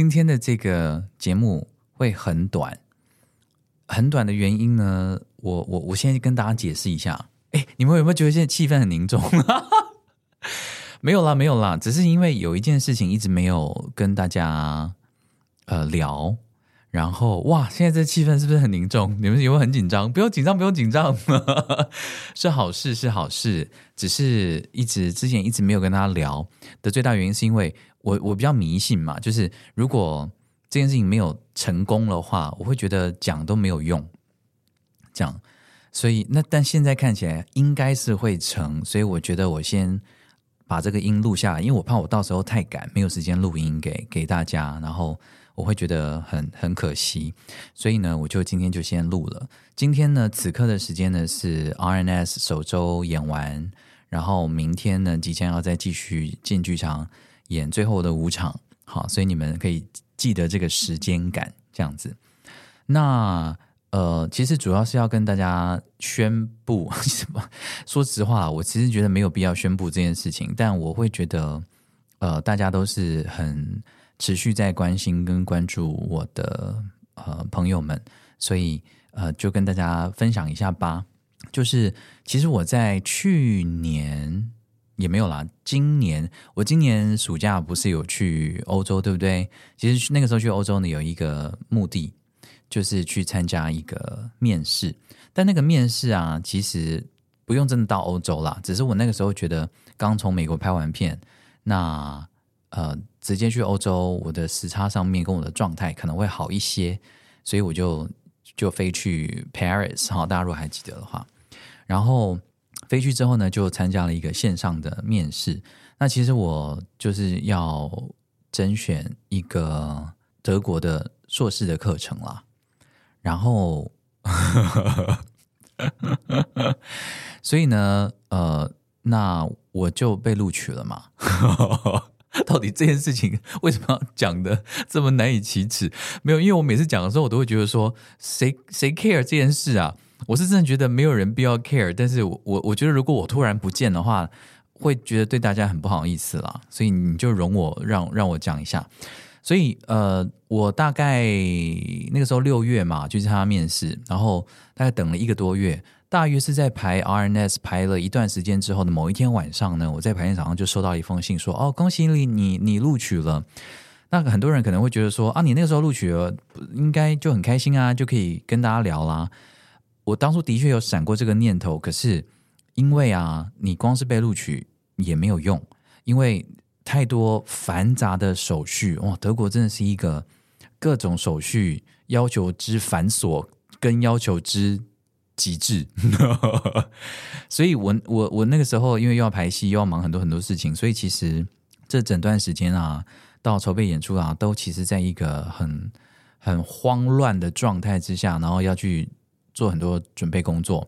今天的這個節目會很短，很短的原因呢，我我我先跟大家解釋一下。哎，你們有沒有覺得現在氣氛很凝重？ 沒有啦，沒有啦，只是因為有一件事情一直沒有跟大家呃聊。然後哇，現在這氣氛是不是很凝重？你們有沒有很緊張？不用緊張，不用緊張， 是好事，是好事。只是一直之前一直沒有跟大家聊的最大的原因，是因為。我我比較迷信嘛，就是如果這件事情沒有成功的話，我會覺得講都沒有用，講。所以那但現在看起來應該是會成，所以我覺得我先把這個音錄下來，因為我怕我到時候太趕，沒有時間錄音給給大家，然後我會覺得很很可惜。所以呢，我就今天就先錄了。今天呢，此刻的時間呢是 RNS 首周演完，然後明天呢即將要再繼續進劇場。演最後的五場，好，所以你們可以記得這個時間感這樣子。那呃，其實主要是要跟大家宣布什麼？說實話，我其實覺得沒有必要宣布這件事情，但我會覺得呃，大家都是很持續在關心跟關注我的呃朋友們，所以呃，就跟大家分享一下吧。就是其實我在去年。也沒有啦，今年我今年暑假不是有去歐洲，對不對？其實去那個時候去歐洲呢，有一個目的就是去參加一個面試，但那個面試啊，其實不用真的到歐洲啦，只是我那個時候覺得剛從美國拍完片，那呃直接去歐洲，我的時差上面跟我的狀態可能會好一些，所以我就就飛去 Paris 好，大家如果還記得的話，然後。飛去之後呢，就參加了一個線上的面試。那其實我就是要甄選一個德國的碩士的課程啦。然後， 所以呢，呃，那我就被錄取了嘛。 到底這件事情為什麼要講得這麼難以啟齒？沒有，因為我每次講的時候，我都會覺得說，誰誰 care 這件事啊？我是真的覺得沒有人必要 care，但是我我我覺得如果我突然不見的話，會覺得對大家很不好意思啦。所以你就容我讓讓我講一下。所以呃，我大概那個時候六月嘛，去、就是他面試，然後大概等了一個多月，大約是在排 RNS 排了一段時間之後的某一天晚上呢，我在排練場上就收到一封信說，說哦，恭喜你，你你錄取了。那很多人可能會覺得說啊，你那個時候錄取了，應該就很開心啊，就可以跟大家聊啦。我當初的確有閃過這個念頭，可是因為啊，你光是被錄取也沒有用，因為太多繁雜的手續，哇！德國真的是一個各種手續要求之繁瑣，跟要求之極致。 所以我我我那個時候，因為又要排戲，又要忙很多很多事情，所以其實這整段時間啊，到籌備演出啊，都其實在一個很很慌亂的狀態之下，然後要去。做很多準備工作，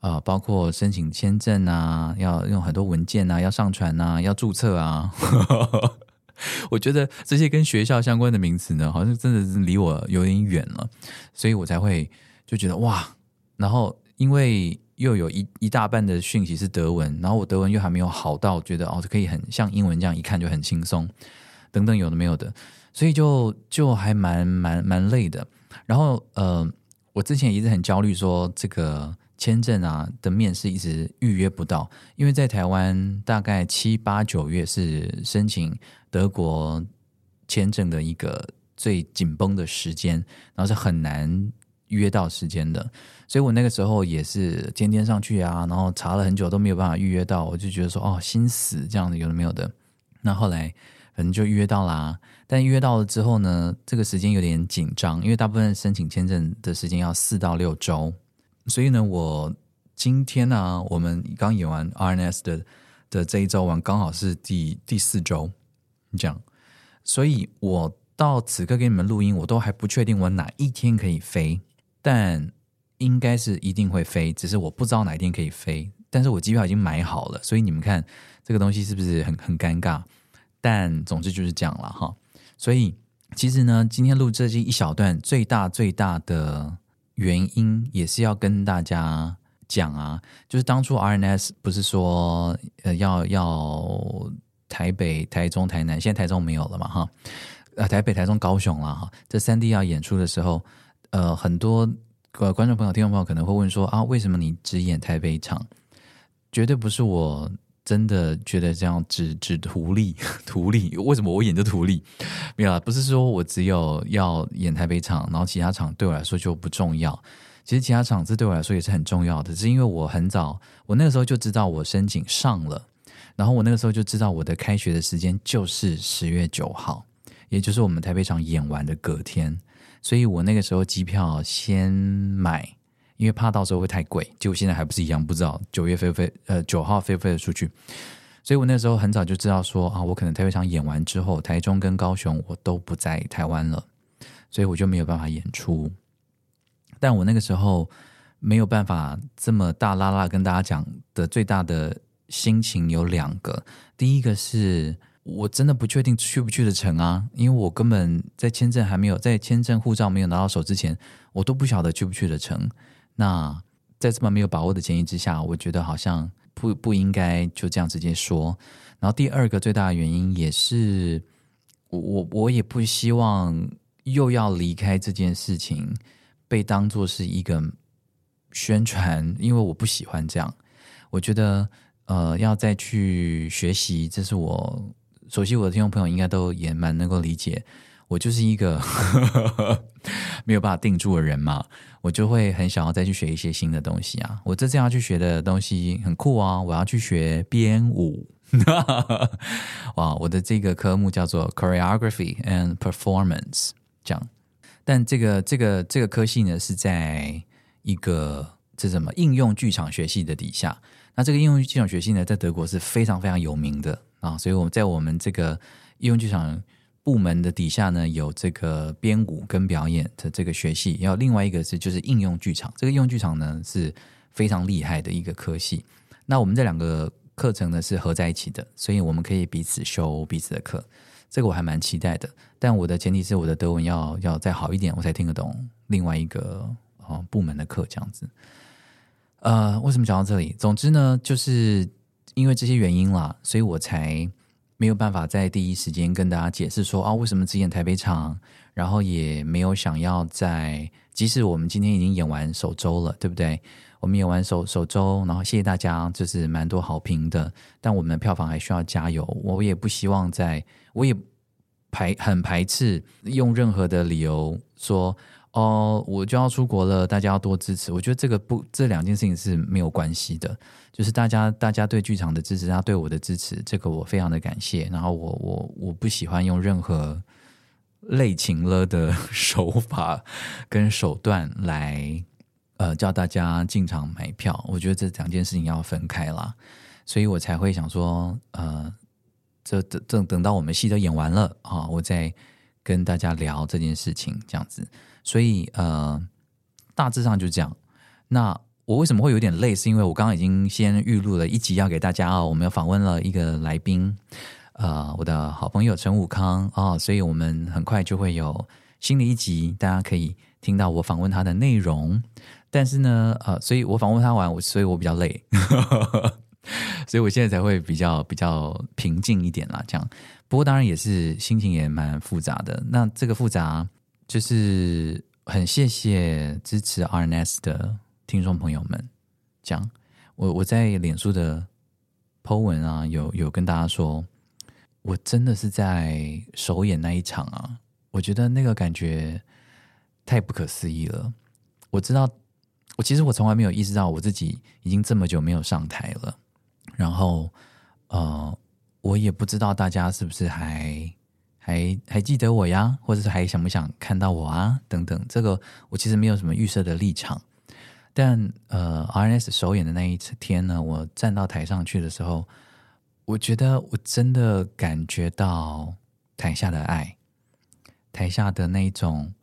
呃，包括申請簽證啊，要用很多文件啊，要上傳啊，要註冊啊。 我覺得這些跟學校相關的名詞呢，好像真的是離我有點遠了，所以我才會就覺得哇。然後，因為又有一一大半的訊息是德文，然後我德文又還沒有好到覺得哦，可以很像英文這樣一看就很輕鬆。等等，有的沒有的，所以就就還蠻蠻蠻累的。然後，嗯、呃。我之前一直很焦慮，說這個簽證啊的面試一直預約不到，因為在台灣大概七八九月是申請德國簽證的一個最緊繃的時間，然後是很難預約到時間的，所以我那個時候也是天天上去啊，然後查了很久都沒有辦法預約到，我就覺得說哦，心死這樣子，有的沒有的。那後來可能就預約到啦，啊。但約到了之後呢，這個時間有點緊張，因為大部分申請簽證的時間要四到六週，所以呢，我今天呢、啊，我們剛演完 RNS 的的這一週完，剛好是第第四週，這樣，所以我到此刻給你們錄音，我都還不確定我哪一天可以飛，但應該是一定會飛，只是我不知道哪一天可以飛，但是我機票已經買好了，所以你們看這個東西是不是很很尷尬？但總之就是這樣了哈。所以，其實呢，今天錄這一小段，最大最大的原因也是要跟大家講啊，就是當初 RNS 不是說，呃，要要台北、台中、台南，現在台中沒有了嘛，哈，呃，台北、台中高雄了哈，這三地要演出的時候，呃，很多、呃、觀眾朋友、聽眾朋友可能會問說啊，為什麼你只演台北場？絕對不是我。真的覺得這樣只只圖利圖利？為什麼我演的圖利？沒有啦，不是說我只有要演台北場，然後其他場對我來說就不重要。其實其他場次對我來說也是很重要的，是因為我很早，我那個時候就知道我申請上了，然後我那個時候就知道我的開學的時間就是十月九號，也就是我們台北場演完的隔天，所以我那個時候機票先買。因為怕到時候會太貴，結果現在還不是一樣不知道九月飛飛呃九號飛不飛得出去，所以我那時候很早就知道說啊，我可能台北場演完之後，台中跟高雄我都不在台灣了，所以我就沒有辦法演出。但我那個時候沒有辦法這麼大剌剌跟大家講的最大的心情有兩個，第一個是我真的不確定去不去得成啊，因為我根本在簽證還沒有在簽證護照沒有拿到手之前，我都不曉得去不去得成。那在這麼沒有把握的前提之下，我覺得好像不不應該就這樣直接說。然後第二個最大的原因也是，我我我也不希望又要離開這件事情被當做是一個宣傳，因為我不喜歡這樣。我覺得呃，要再去學習，這是我熟悉我的聽眾朋友應該都也蠻能夠理解。我就是一個 沒有辦法定住的人嘛。我就會很想要再去學一些新的東西啊！我這次要去學的東西很酷啊！我要去學編舞哇， wow, 我的這個科目叫做 Choreography and Performance，這樣。但這個這個這個科系呢，是在一個這什麼應用劇場學系的底下。那這個應用劇場學系呢，在德國是非常非常有名的啊！所以我們在我們這個應用劇場。部門的底下呢，有這個編舞跟表演的這個學系，然後另外一個是就是應用劇場。這個應用劇場呢是非常厲害的一個科系。那我們這兩個課程呢是合在一起的，所以我們可以彼此修彼此的課。這個我還蠻期待的，但我的前提是我的德文要要再好一點，我才聽得懂另外一個呃、哦、部門的課這樣子。呃，為什麼講到這裡？總之呢，就是因為這些原因啦，所以我才。沒有辦法在第一時間跟大家解釋說哦，為什麼只演台北場，然後也沒有想要在，即使我們今天已經演完首周了，對不對？我們演完首首周，然後謝謝大家，就是蠻多好評的，但我們的票房還需要加油。我也不希望在，我也排很排斥用任何的理由說哦，我就要出國了，大家要多支持。我覺得這個不，這兩件事情是沒有關係的。就是大家，大家對劇場的支持，他對我的支持，這個我非常的感謝。然後我，我，我不喜歡用任何類情了的手法跟手段來呃叫大家進場買票。我覺得這兩件事情要分開啦，所以我才會想說，呃，這等等等到我們戲都演完了啊、哦，我再跟大家聊這件事情這樣子。所以呃，大致上就這樣。那。我為什麼會有點累？是因為我剛剛已經先預錄了一集要給大家哦，我們又訪問了一個來賓，呃，我的好朋友陳武康哦，所以我們很快就會有新的一集，大家可以聽到我訪問他的內容。但是呢，呃，所以我訪問他完，所以我比較累， 所以我現在才會比較比較平靜一點啦。這樣，不過當然也是心情也蠻複雜的。那這個複雜就是很謝謝支持 RNS 的。聽眾朋友們講，講我我在臉書的 Po 文啊，有有跟大家說，我真的是在首演那一場啊，我覺得那個感覺太不可思議了。我知道，我其實我從來沒有意識到我自己已經這麼久沒有上台了。然後，呃，我也不知道大家是不是還還還記得我呀，或者是還想不想看到我啊？等等，這個我其實沒有什麼預設的立場。但呃，RNS 首演的那一天呢，我站到台上去的時候，我覺得我真的感覺到台下的愛，台下的那一種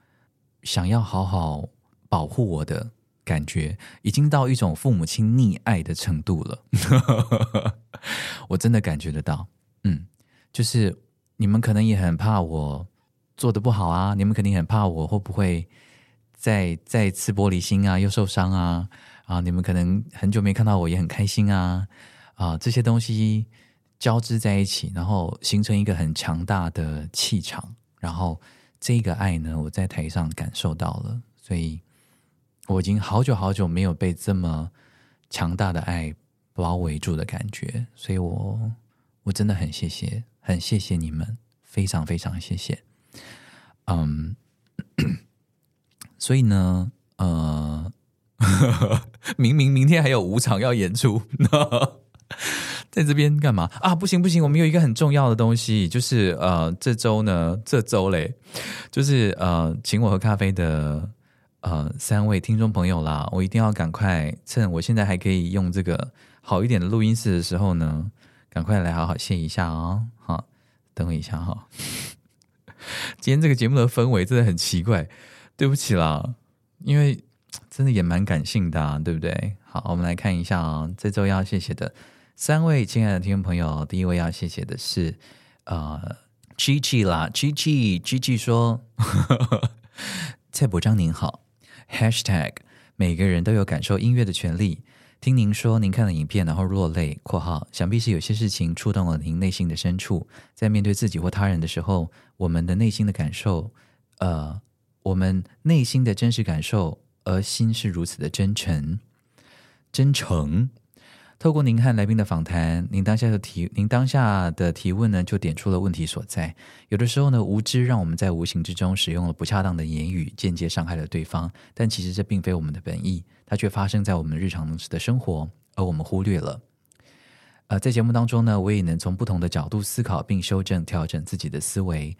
想要好好保護我的感覺，已經到一種父母親溺愛的程度了。 我真的感覺得到，嗯，就是你們可能也很怕我做得不好啊，你們肯定很怕我會不會。在在吃玻璃心啊，又受傷啊啊！你們可能很久沒看到我，也很開心啊啊！這些東西交織在一起，然後形成一個很強大的氣場，然後這個愛呢，我在台上感受到了，所以我已經好久好久沒有被這麼強大的愛包圍住的感覺，所以我我真的很謝謝，很謝謝你們，非常非常謝謝，嗯。 所以呢，呃呵呵，明明明天還有五場要演出，在這邊幹嘛啊？不行不行，我們有一個很重要的東西，就是呃，這週呢，這週嘞，就是呃，請我喝咖啡的呃三位聽眾朋友啦，我一定要趕快趁我現在還可以用這個好一點的錄音室的時候呢，趕快來好好謝一下啊、哦！好，等我一下哈、哦。今天這個節目的氛圍真的很奇怪。對不起啦，因為真的也蠻感性的、啊，對不對？好，我們來看一下啊、哦，這週要謝謝的三位親愛的聽眾朋友。第一位要謝謝的是呃 G G 啦，G G G G 說 蔡柏璋您好，# Hashtag，每個人都有感受音樂的權利。聽您說您看了影片，然後落淚，括號想必是有些事情觸動了您內心的深處。在面對自己或他人的時候，我們的內心的感受，呃。我們內心的真實感受，而心是如此的真誠。真誠。透過您和來賓的訪談，您當下的提，您當下的提問呢，就點出了問題所在。有的時候呢，無知讓我們在無形之中使用了不恰當的言語，間接傷害了對方。但其實這並非我們的本意，它卻發生在我們日常的生活，而我們忽略了。呃，在節目當中呢，我也能從不同的角度思考，並修正、調整自己的思維。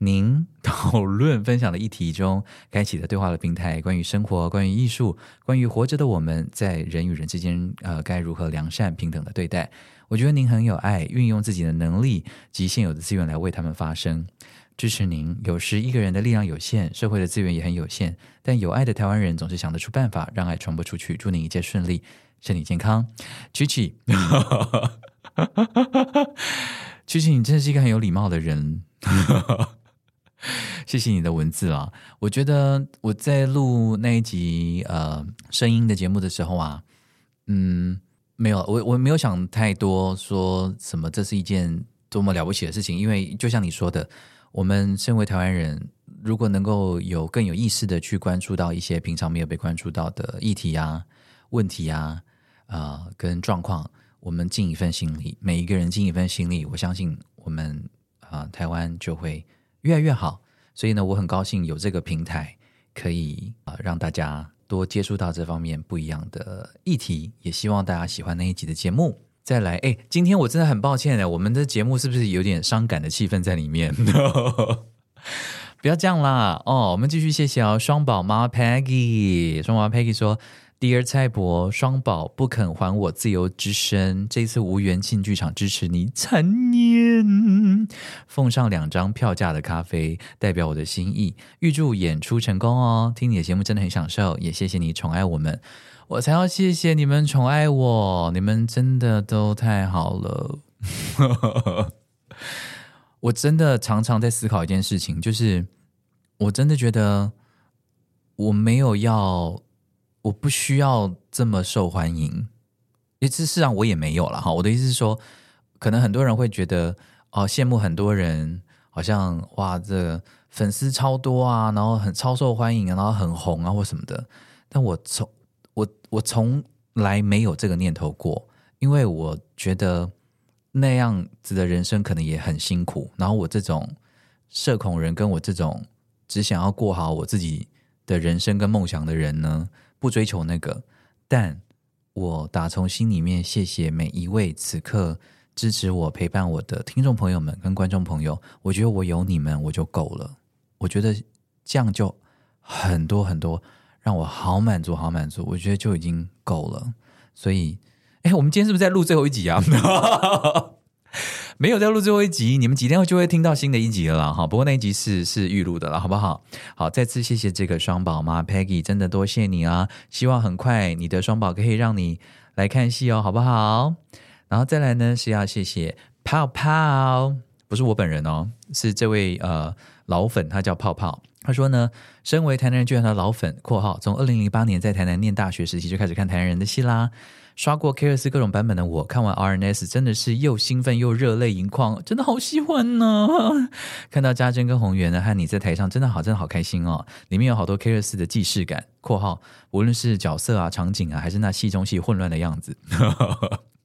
您討論分享的議題中開啟的對話的平台，關於生活，關於藝術，關於活着的我們，在人與人之間，呃，該如何良善平等的對待？我覺得您很有愛，運用自己的能力及現有的資源來為他們發聲，支持您。有時一個人的力量有限，社會的資源也很有限，但有愛的台灣人總是想得出辦法讓愛傳播出去。祝您一切順利，身體健康。曲奇，琪、嗯、琪， 你真的是一個很有禮貌的人。 謝謝你的文字啊，我覺得我在錄那一集呃聲音的節目的時候啊，嗯，沒有，我我沒有想太多說什麼，這是一件多麼了不起的事情。因為就像你說的，我們身為台灣人，如果能夠有更有意識的去關注到一些平常沒有被關注到的議題啊、問題啊、啊、呃、跟狀況，我們盡一份心力，每一個人盡一份心力，我相信我們啊、呃、台灣就會越來越好。所以呢，我很高興有這個平台，可以啊、呃、讓大家多接觸到這方面不一樣的議題。也希望大家喜歡那一集的節目。再來，哎，今天我真的很抱歉的，我們的節目是不是有點傷感的氣氛在裡面？ 不要這樣啦，哦，我們繼續。謝謝哦、啊！雙寶媽 Peggy，雙寶媽 Peggy 說。Dear 蔡柏，雙寶不肯還我自由之身，這一次無緣進劇場支持你，殘念。奉上兩張票價的咖啡，代表我的心意，預祝演出成功哦。聽你的節目真的很享受，也謝謝你寵愛我們，我才要謝謝你們寵愛我，你們真的都太好了。 我真的常常在思考一件事情，就是我真的覺得我沒有要。我不需要這麼受歡迎，也事實上我也沒有了哈。我的意思是說，可能很多人會覺得，哦，羨慕很多人，好像哇，這個粉絲超多啊，然後很超受歡迎，然後很紅啊，或什麼的。但我從我我從來沒有這個念頭過，因為我覺得那樣子的人生可能也很辛苦。然後我這種社恐人，跟我這種只想要過好我自己的人生跟夢想的人呢，不追求那個，但我打從心裡面謝謝每一位此刻支持我、陪伴我的聽眾朋友們跟觀眾朋友。我覺得我有你們我就夠了。我覺得這樣就很多很多，讓我好滿足，好滿足。我覺得就已經夠了。所以，誒，我們今天是不是在錄最後一集啊？ 沒有再錄最後一集，你們幾天後就會聽到新的一集了哈。不過那一集是是預錄的了，好不好？好，再次謝謝這個雙寶媽 Peggy，真的多謝你啊！希望很快你的雙寶可以讓你來看戲哦，好不好？然後再來呢是要謝謝泡泡，不是我本人哦，是這位呃老粉，他叫泡泡。他說呢，身為台南人劇團的老粉（括號從二零零八年在台南念大學時期就開始看台南人的戲啦）。刷過《K24》各種版本的我，看完《RNS》真的是又興奮又熱淚盈眶，真的好喜歡呢、啊！看到嘉貞跟宏源和你在台上，真的好，真的好開心哦！裡面有好多《K24》的既視感（括號），無論是角色啊、場景啊，還是那戲中戲混亂的樣子。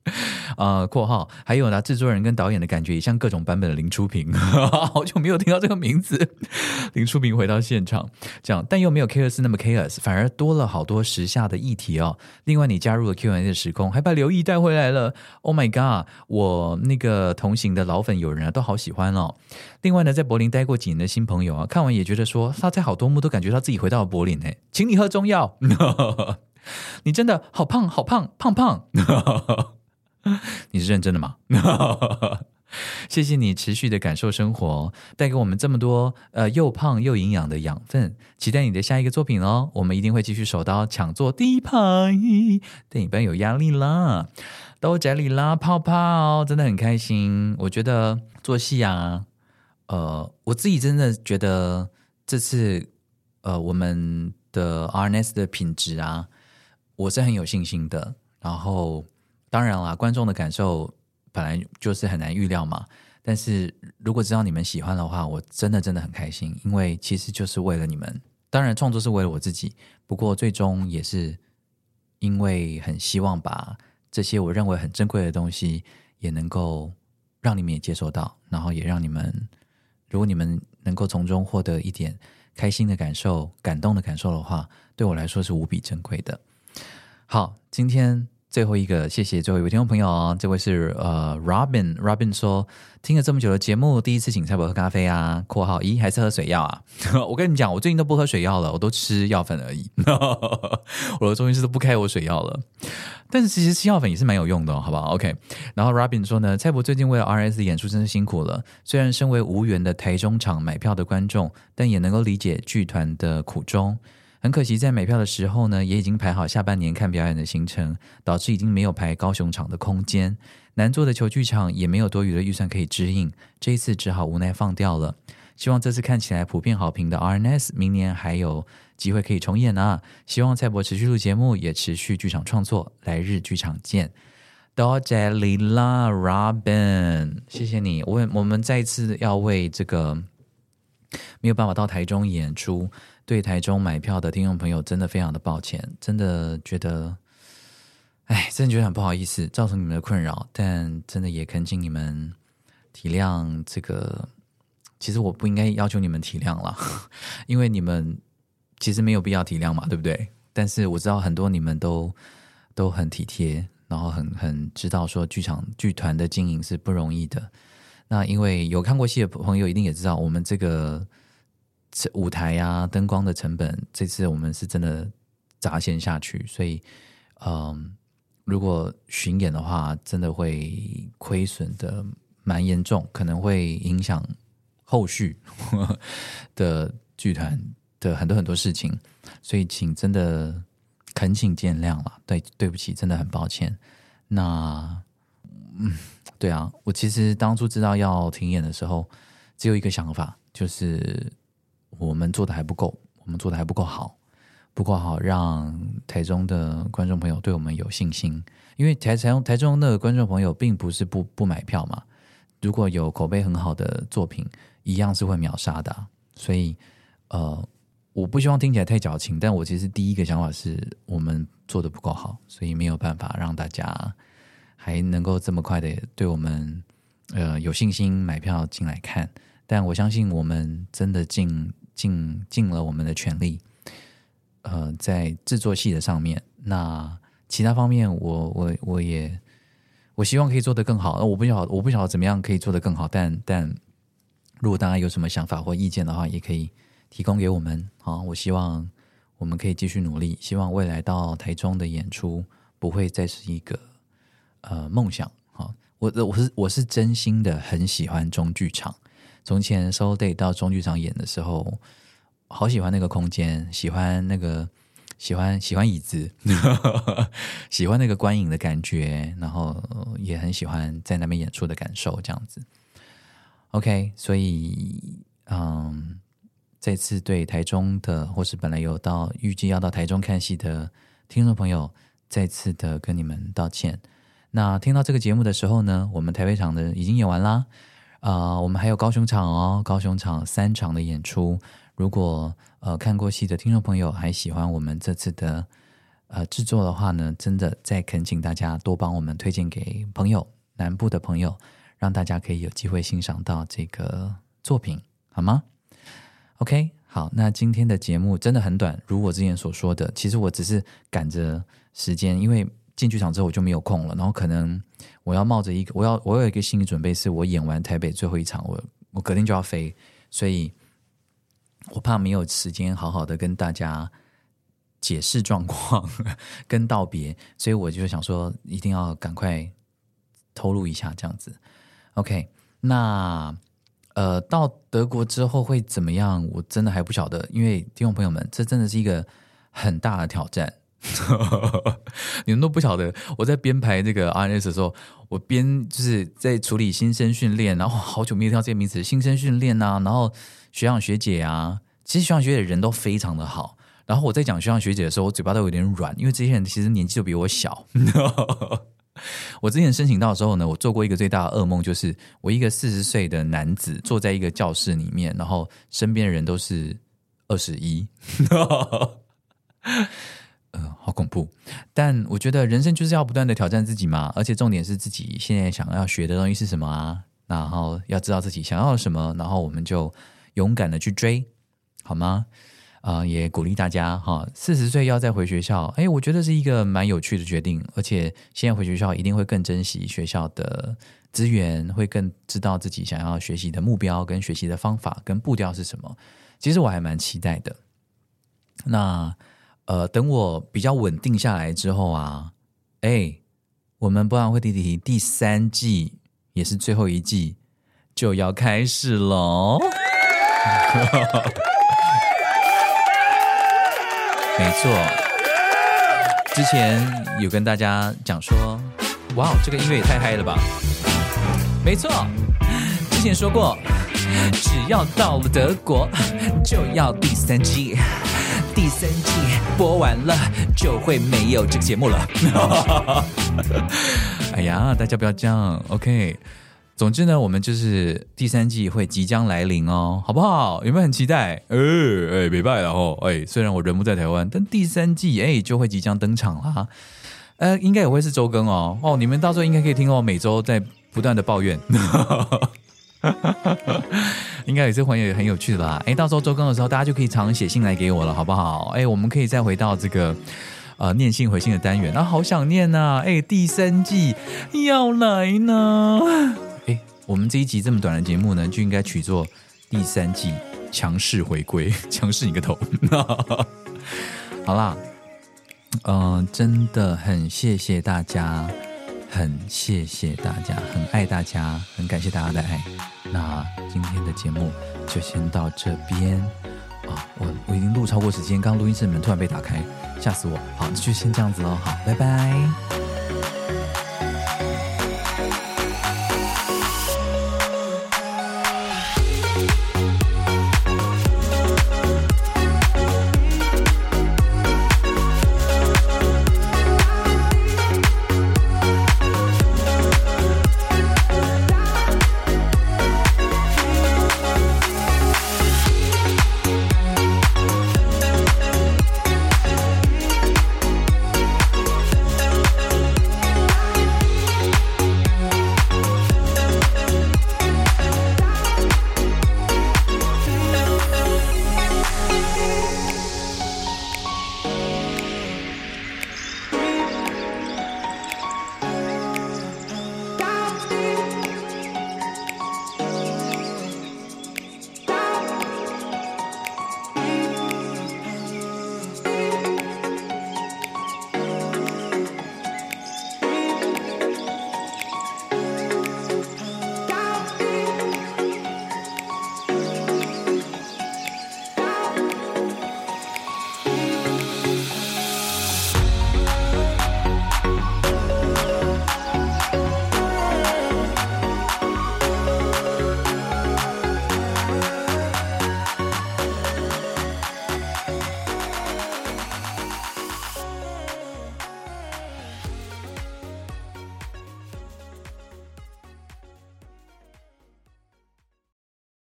呃、括號還有呢，制作人跟導演的感覺也像各種版本的林初平，好久沒有聽到這個名字。林初平回到現場，這樣，但又沒有 chaos 那麼 chaos，反而多了好多時下的議題哦。另外，你加入了 Q&A 的時空，還把劉毅帶回來了。Oh my god！我那個同行的老粉友人啊，都好喜歡哦。另外呢，在柏林待過幾年的新朋友啊，看完也覺得說他在好多幕都感覺到自己回到了柏林、欸。哎，請你喝中藥， 你真的好胖，好胖，胖胖。 你是認真的嗎？ 謝謝你持續的感受生活，帶給我們這麼多呃又胖又營養的養分。期待你的下一個作品哦，我們一定會繼續手刀搶座第一排。電影班有壓力啦，都這裡啦，泡泡真的很開心。我覺得做戲啊，呃，我自己真的覺得這次呃我們的 RNS 的品質啊，我是很有信心的。然後。當然啦，觀眾的感受本來就是很難預料嘛。但是如果知道你們喜歡的話，我真的真的很開心，因為其實就是為了你們。當然，創作是為了我自己，不過最終也是因為很希望把這些我認為很珍貴的東西，也能夠讓你們也接受到，然後也讓你們，如果你們能夠從中獲得一點開心的感受、感動的感受的話，對我來說是無比珍貴的。好，今天。最後一個，謝謝最後一位聽眾朋友哦，這位是呃，Robin，Robin Robin 說，聽了這麼久的節目，第一次請蔡伯喝咖啡啊，括號一還是喝水藥啊？ 我跟你講，我最近都不喝水藥了，我都吃藥粉而已。 我的中醫師都不開我水藥了，但是其實吃藥粉也是蠻有用的哦，好不好？OK，然後 Robin 說呢，蔡伯最近為了 RNS 的演出真是辛苦了，雖然身為無緣的台中場買票的觀眾，但也能夠理解劇團的苦衷。很可惜，在買票的時候呢，也已經排好下半年看表演的行程，導致已經沒有排高雄場的空間，難做的球劇場也沒有多餘的預算可以支應，這一次只好無奈放掉了。希望這次看起來普遍好評的 RNS 明年還有機會可以重演啊！希望蔡柏持續錄節目，也持續劇場創作，來日劇場見。Doja Lila Robin，謝謝你，我我們再一次要為這個沒有辦法到台中演出，對台中買票的聽眾朋友，真的非常的抱歉，真的覺得，唉，真的覺得很不好意思，造成你們的困擾。但真的也懇請你們體諒這個。其實我不應該要求你們體諒了，因為你們其實沒有必要體諒嘛，對不對？但是我知道很多你們都都很體貼，然後很很知道說劇場劇團的經營是不容易的。那因為有看過戲的朋友一定也知道，我們這個。舞臺呀、啊，燈光的成本，這次我們是真的砸錢下去，所以，嗯、呃，如果巡演的話，真的會虧損的蠻嚴重，可能會影響後續呵呵的劇團的很多很多事情，所以，請真的懇請見諒了，對，對不起，真的很抱歉。那，嗯，對啊，我其實當初知道要停演的時候，只有一個想法，就是。我們做的還不夠，我們做的還不夠好，不夠好讓台中的觀眾朋友對我們有信心。因為台台中台中的觀眾朋友並不是不不買票嘛，如果有口碑很好的作品，一樣是會秒殺的啊。所以，呃，我不希望聽起來太矯情，但我其實第一個想法是我們做的不夠好，所以沒有辦法讓大家還能夠這麼快的對我們呃有信心買票進來看。但我相信我們真的進。盡盡了我們的全力，呃，在制作戲的上面，那其他方面我，我我我也，我希望可以做得更好。呃、我不曉我不曉得怎麼樣可以做得更好，但但如果大家有什麼想法或意見的話，也可以提供給我們。啊、哦，我希望我們可以繼續努力，希望未來到台中的演出不會再是一個呃夢想。啊、哦，我我是我是真心的很喜歡中劇場。從前收隊到中劇場演的時候，好喜歡那個空間，喜歡那個喜歡喜歡椅子，嗯、 喜歡那個觀影的感覺，然後也很喜歡在那邊演出的感受，這樣子。OK，所以嗯，再次對台中的或是本來有到預計要到台中看戲的聽眾朋友，再次的跟你們道歉。那聽到這個節目的時候呢，我們台北場的已經演完啦。啊、呃，我們還有高雄場哦，高雄場三場的演出。如果呃看過戲的聽眾朋友還喜歡我們這次的呃製作的話呢，真的再懇請大家多幫我們推薦給朋友，南部的朋友，讓大家可以有機會欣賞到這個作品，好嗎？OK，好，那今天的節目真的很短，如我之前所說的，其實我只是趕着時間，因為。進劇場之後我就沒有空了，然後可能我要冒着一個，我要我有一個心理準備，是我演完台北最後一場，我我隔天就要飛，所以我怕沒有時間好好的跟大家解釋狀況呵呵跟道別，所以我就想說一定要趕快透露一下這樣子。OK，那呃到德國之後會怎麼樣？我真的還不曉得，因為聽眾朋友們，這真的是一個很大的挑戰。 你們都不曉得，我在編排這個 RNS 的時候，我編就是在處理新生訓練，然後好久沒有聽到這些名詞“新生訓練、啊”吶，然後學長學姐啊，其實學長學姐的人都非常的好。然後我在講學長學姐的時候，我嘴巴都有點軟，因為這些人其實年紀就比我小。No、我之前申請到的時候呢，我做過一個最大的噩夢，就是我一個四十歲的男子坐在一個教室裡面，然後身邊的人都是二十一。No 嗯、呃，好恐怖！但我覺得人生就是要不斷的挑戰自己嘛。而且重點是自己現在想要學的東西是什麼啊？然後要知道自己想要什麼，然後我們就勇敢的去追，好嗎？啊、呃，也鼓勵大家哈。四十歲要再回學校，哎，我覺得是一個蠻有趣的決定。而且現在回學校一定會更珍惜學校的資源，會更知道自己想要學習的目標跟學習的方法跟步調是什麼。其實我還蠻期待的。那。呃，等我比較穩定下來之後啊，哎、欸，我們柏覽會離題第三季，也是最後一季就要開始嘍。 沒錯，之前有跟大家講說，哇，這個音樂也太嗨了吧！沒錯，之前說過，只要到了德國，就要第三季。第三季播完了就會沒有這個節目了。 哎呀，大家不要這樣，OK。總之呢，我們就是第三季會即將來臨哦，好不好？有沒有很期待？哎哎，別拜了哦。哎，雖然我人不在台灣，但第三季哎就會即將登場了哈。呃，應該也會是周更哦。哦，你們到時候應該可以聽哦。每周在不斷的抱怨。 應該有些朋友也很有趣的吧？哎、欸，到時候周更的時候，大家就可以常寫信來給我了，好不好？哎、欸，我們可以再回到這個呃念信回信的單元啊，好想念吶、啊！哎、欸，第三季要來呢！哎、欸，我們這一集這麼短的節目呢，就應該取作第三季強勢回歸，強勢你個頭！ 好啦，嗯、呃，真的很謝謝大家。很謝謝大家，很愛大家，很感謝大家的愛。那今天的節目就先到這邊啊、哦！我我已經錄超過時間，剛錄音室的門突然被打開，嚇死我！好，那就先這樣子嘍、哦，好，拜拜。